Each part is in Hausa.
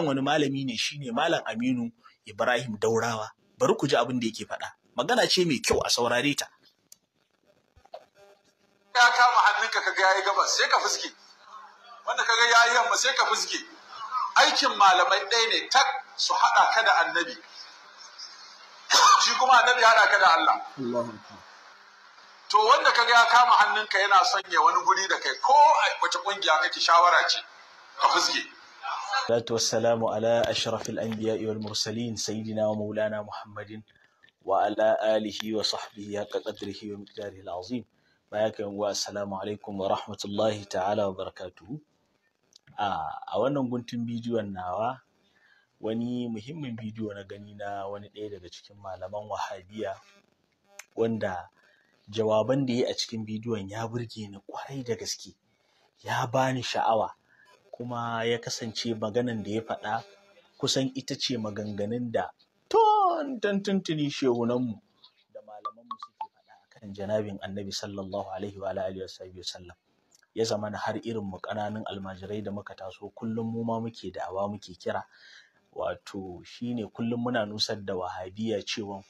wannan wani malami ne shine malam Aminu Ibrahim Daurawa bari ku ji abin da yake faɗa magana ce mai kyau a saurare ta ya kama hannunka ka ga yayi gabas sai ka fuske wanda ka ga yayi yamma sai ka fuske aikin malamai ɗaya ne tak su haɗa ka da annabi shi kuma annabi haɗa ka da Allah to wanda ka ga ya kama hannunka yana son ya wani guri da kai ko wace kungiya kake shawara ce ka fuske salatu wassalamu ala ashrafil anbiya wal mursalin sayyidina wa maulana muhammadin wa ala alihi wa sahbihi ya qadrihi wa miqdarihi alazim bayaka wa assalamu alaikum wa rahmatullahi ta'ala wa barakatuhu a wannan guntun bidiyon nawa wani muhimmin bidiyo na gani na wani ɗaya daga cikin malaman wahabiya wanda jawaban da ya yi a cikin bidiyon ya burge ni kwarai da gaske ya bani sha'awa kuma ya kasance maganan da ya faɗa kusan ita ce maganganun da tun tuntuni shehunanmu da malamanmu suke faɗa a kan janabin annabi sallallahu alaihi wa alihi wa sallam ya zama na har irin mu ƙananan almajirai da muka taso kullum mu ma muke da'awa muke kira wato shine kullum muna nusar da wahabiya cewa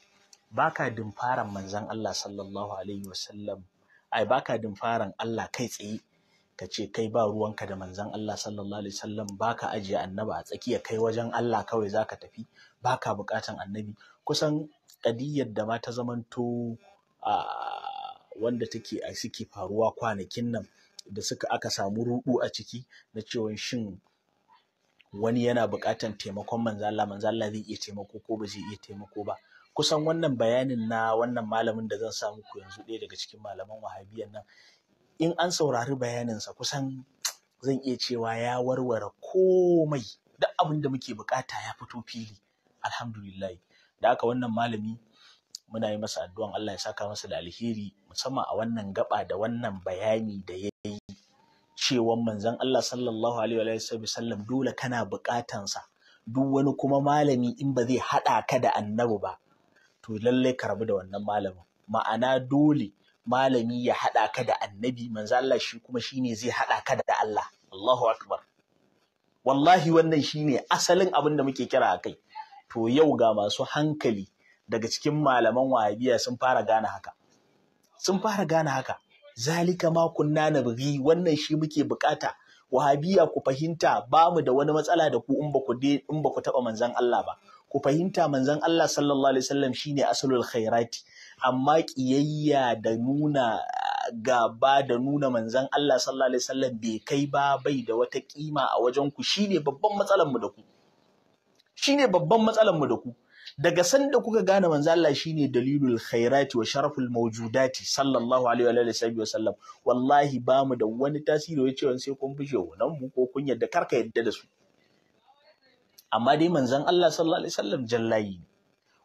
baka dimfaran manzon Allah sallallahu alaihi wa sallam ai baka dimfaran Allah kai tsaye ka ce kai ba ruwanka da manzan Allah sallallahu alaihi wasallam baka ajiye annaba a tsakiya kai wajen Allah kawai zaka tafi baka bukatan annabi kusan kadiyar da ma ta zamanto a wanda take a suke faruwa kwanakin nan da suka aka samu rubu a ciki na cewa shin wani yana bukatan taimakon manzan Allah manzan Allah zai iya taimako ko ba zai iya taimako ba kusan wannan bayanin na wannan malamin da zan sa muku yanzu ɗaya daga cikin malaman wahabiyan nan in an saurari bayaninsa kusan zan iya cewa ya warware komai duk abin da muke bukata ya fito fili alhamdulillah da aka wannan malami muna yi masa addu'an Allah ya saka masa da alheri musamman a wannan gaba da wannan bayani da ya yi cewa manzon Allah sallallahu alaihi wa sallam dole kana bukatansa duk wani kuma malami in ba zai hada ka da annabi ba to lallai ka rabu da wannan malamin ma'ana dole malami ya haɗa ka da annabi manzo Allah shi kuma shine zai haɗa ka da Allah Allahu akbar wallahi wannan shine asalin abin da muke kira kai to yau ga masu hankali daga cikin malaman wahabiya sun fara gane haka sun fara gane haka zalika ma kunna nabghi wannan shi muke bukata wahabiya ku fahimta bamu da wani matsala da ku in ba ku in ba manzon Allah ba ku fahimta manzon Allah sallallahu alaihi wasallam shine asalul khairati amma kiyayya da nuna ah, gaba da nuna manzon Allah sallallahu alaihi wasallam bai kai ba bai da wata kima a wajen ku shine babban matsalar mu da ku shine babban matsalanmu da ku daga sanda kuka gane manzo Allah shine dalilul khairati wa sharaful mawjudati sallallahu alaihi wa sallam wallahi bamu da wani tasiri cewa sai kun wa wannan mu ko kun yadda karka yadda da su amma dai manzon Allah sallallahu alaihi wasallam jallayi ne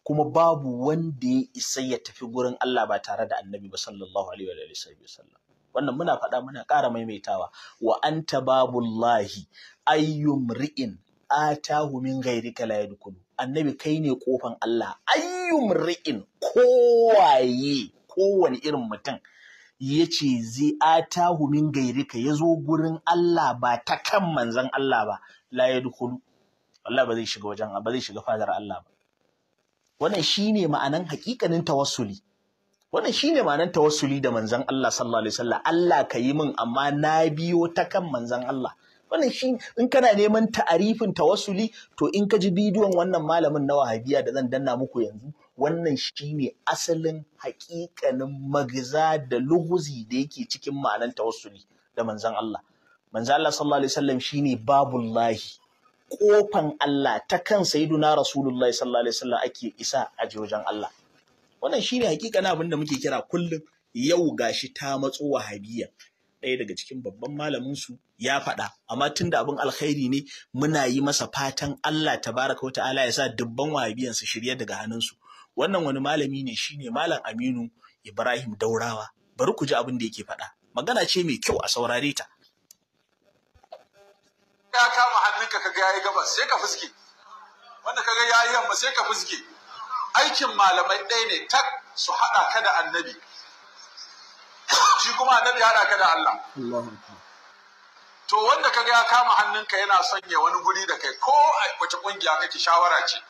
kuma babu wanda ya isa ya tafi gurin Allah ba tare da annabi ba sallallahu alaihi wa sallam wannan muna faɗa muna ƙara maimaitawa wa anta babullahi ayyum ri'in atahu min ghairika la yadkhulu annabi kai ne kofan Allah ayyum ri'in kowaye kowane irin mutum yace zai atahu min gairika yazo gurin Allah ba ta kan manzon Allah ba la yadkhulu Allah ba zai shiga wajen ba zai shiga fadar Allah ba wannan shine ma'anan hakikanin tawassuli wannan shine ma'anan tawassuli da manzon Allah sallallahu alaihi wasallam Allah ka yi min amma na biyo ta kan manzon Allah wannan shi in kana neman ta'arifin tawassuli to in ka ji bidiyon wannan malamin na wahabiya da zan danna muku yanzu wannan shine asalin haƙiƙanin magza da luguzi da yake cikin ma'anan tawassuli da manzon Allah manzon Allah sallallahu alaihi wasallam shine babullahi kofan Allah ta kan sayyiduna rasulullahi sallallahu alaihi wasallam ake isa a wajen Allah wannan shine hakika na da muke kira kullum yau gashi ta matso wahabiyya ɗaya daga cikin babban malamin su ya faɗa amma tunda abin alkhairi ne muna yi masa fatan Allah tabaraka wa ta'ala ya sa dubban wahabiyan su shirye daga hannun su wannan wani malami ne shine malam Aminu Ibrahim Daurawa bari ku ji abin da yake faɗa magana ce mai kyau a saurare ta ya kama hannunka kaga yayi gabas sai ka fuske wanda kaga yayi yamma sai ka fuske aikin malamai ɗaya ne tak su haɗa ka da annabi shi kuma annabi haɗa ka da Allah to wanda kaga ya kama hannunka yana son ya wani guri da kai ko wace kungiya kake shawara ce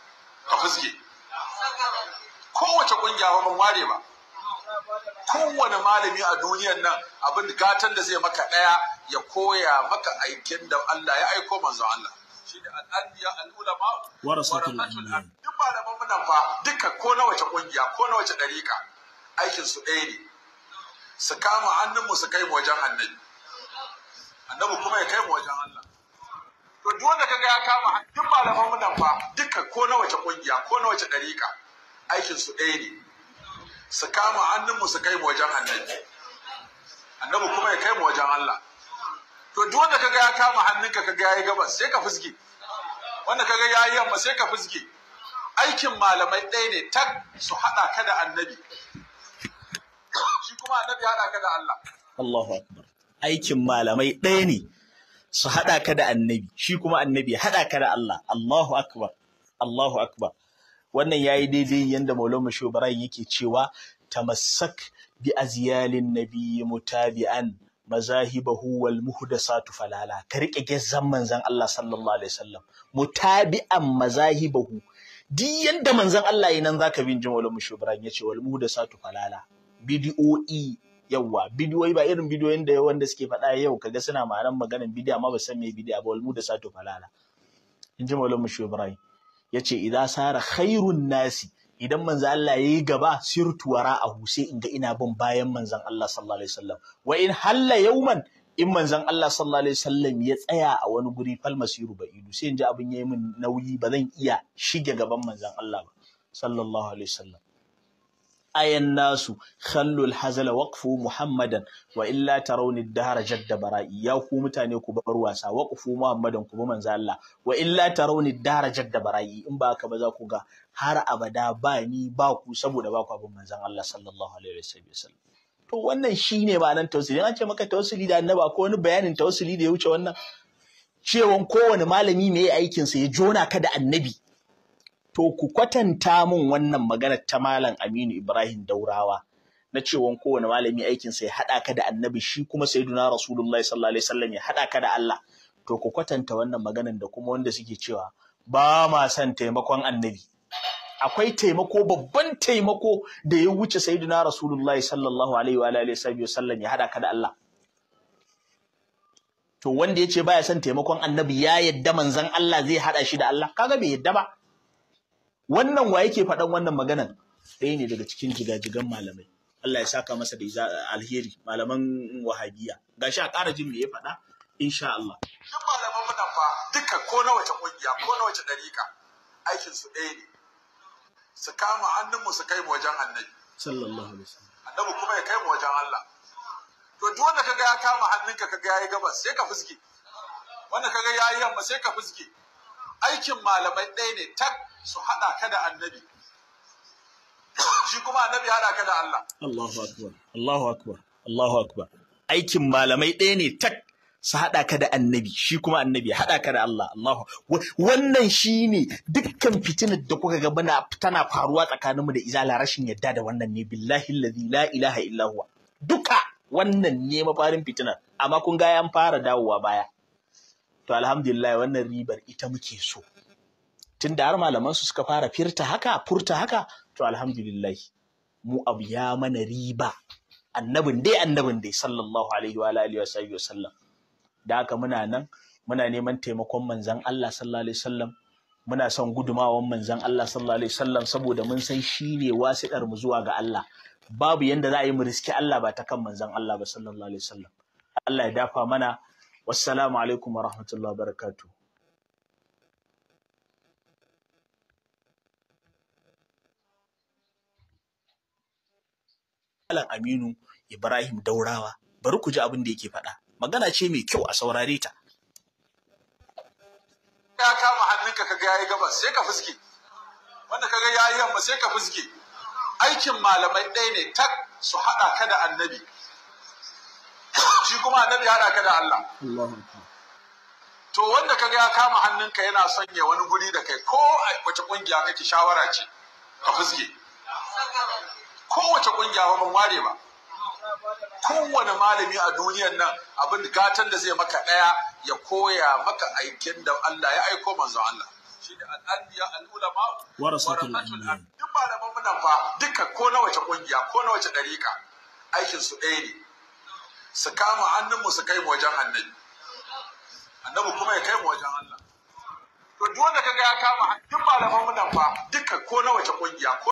ka fuske kowace kungiya ba ban ware ba kowane malami a duniyar nan abin gatan da zai maka ɗaya ya koya maka aikin da Allah ya aiko manzo Allah shine al-anbiya al-ulama warasatul anbiya duk malaman mu nan fa duka ko na wace kungiya ko na wace dariqa aikin su ɗaya ne su kama hannun mu su kai mu wajen annabi annabi kuma ya kai mu wajen Allah to duk wanda kaga ya kama duk malaman mu nan fa duka ko na wace kungiya ko na wace dariqa aikin su ɗaya ne su kama hannun mu su kai mu wajen annabi annabi kuma ya kai mu wajen Allah to duk wanda kaga ya kama hannunka kaga yayi gabas sai ka fizge wanda kaga yayi yamma sai ka fizge aikin malamai ɗaya ne tag su haɗa ka da annabi shi kuma annabi haɗa ka da Allah Allahu akbar aikin malamai ɗaya ne su haɗa ka da annabi shi kuma annabi haɗa ka da Allah Allahu akbar Allahu akbar wannan yayi daidai yanda Maulana Shobaran yake cewa tamassak bi azyalin nabiyyi mutabi'an mazahibahu wal muhdasatu falala ka rike gizan manzon Allah sallallahu alaihi wasallam mutabi'an mazahibahu duk yanda manzon Allah yayin nan zaka bin jin wal mushubran yace wal muhdasatu falala bid'o'i yawa bidiyoyi ba irin bidiyoyin da wanda suke faɗa yau kaga suna maran maganar bidiya amma ba san me bidiya ba wal muhdasatu falala in ji maulana mushu yace idza sara khairun nasi idan manzo Allah yi gaba sirtu wara a huse ga ina bin bayan manzon Allah sallallahu alaihi wasallam wa in halla yawman in manzon Allah sallallahu alaihi wasallam ya tsaya a wani guri falmasiru ba idu sai in ji abin yayi min nauyi ba zan iya shige gaban manzon Allah ba sallallahu alaihi wasallam ayan nasu khallul hazala waqfu muhammadan wa illa tarawni dahara jadda bara'i ya ku mutane ku bar wasa waqfu muhammadan ku bi Allah wa illa tarawni dahara jadda bara'i in ba ka ba za ku ga har abada ba ni ba ku saboda ba ku abin manzon Allah sallallahu alaihi wasallam to wannan shine nan an ce maka tawassuli da annaba ko wani bayanin tawassuli da ya wuce wannan cewan kowane malami mai me aikinsa ya jona ka da annabi to ku kwatanta mun wannan maganar ta malam Aminu Ibrahim Daurawa na cewa kowane malami aikin sai haɗa ka da annabi shi kuma sayyiduna rasulullahi sallallahu alaihi wasallam ya haɗa ka da Allah to ku kwatanta wannan maganar da kuma wanda suke cewa ba ma son taimakon annabi akwai taimako babban taimako da ya wuce sayyiduna rasulullahi sallallahu alaihi wa alihi wasallam ya hada ka da Allah to wanda yace baya san taimakon annabi ya yadda manzon Allah zai haɗa shi da Allah kaga bai yadda ba wannan wa yake faɗan wannan maganan ɗaya ne daga cikin jigajigan malamai Allah ya saka masa da alheri malaman wahabiya gashi a ƙara jin me ya faɗa insha Allah duk malaman mu nan fa duka ko na wace kungiya ko na wace dariƙa aikin su ɗaya ne su kama hannun mu su kai mu wajen annabi sallallahu alaihi wasallam annabi kuma ya kai mu wajen Allah to duk wanda kaga ya kama hannunka kaga yayi gabas sai ka fuske wanda kaga yayi yamma sai ka fuske aikin malamai ɗaya ne tak su hada ka da annabi shi kuma annabi hada ka da Allah Allahu akbar Allahu akbar Allahu akbar aikin malamai ɗaya ne tak su haɗa ka da annabi shi kuma annabi haɗa ka da Allah Allahu wannan shi ne dukkan fitinar da kuka ga bana tana faruwa tsakaninmu da izala rashin yadda da wannan ne billahi allazi la ilaha illa duka wannan ne mafarin fitinar amma kun ga fara dawowa baya to alhamdulillah wannan ribar ita muke so Tun da har malaman su suka fara firta haka furta haka to alhamdulillah mu abu ya mana riba annabin dai annabin dai sallallahu alaihi wa alihi wa da haka muna nan muna neman taimakon manzon Allah sallallahu alaihi wasallam muna son gudumawan manzon Allah sallallahu alaihi wasallam saboda mun san shine wasiƙar mu zuwa ga Allah babu yanda za a yi mu riski Allah ba ta kan manzon Allah ba sallallahu alaihi wasallam Allah ya dafa mana wassalamu alaikum wa rahmatullahi wa Malam Aminu Ibrahim Daurawa. Bari ku ji abin da yake faɗa. Magana ce mai kyau a saurare ta. Ya kama hannunka ka ga yayi gabas sai ka fuske. Wanda ka ga yayi yamma sai ka fuske. Aikin malamai ɗaya ne tak su haɗa ka da annabi. Shi kuma annabi haɗa ka da Allah. To wanda ka ga ya kama hannunka yana son wani guri da kai ko wace ƙungiya kake shawara ce ka fuske. kowace kungiya ba ban ware ba kowane malami a duniyan nan abin gatan da zai maka daya ya koya maka aikin da Allah ya aiko manzo Allah shine al-anbiya al-ulama warasatul anbiya duk ba da nan fa duka ko na wace kungiya ko na wace dariƙa aikin su ɗaya ne su kama hannun mu su kai mu wajen annabi annabi kuma ya kai mu wajen Allah to duk wanda kaga ya kama duk ba da nan fa duka ko na wace kungiya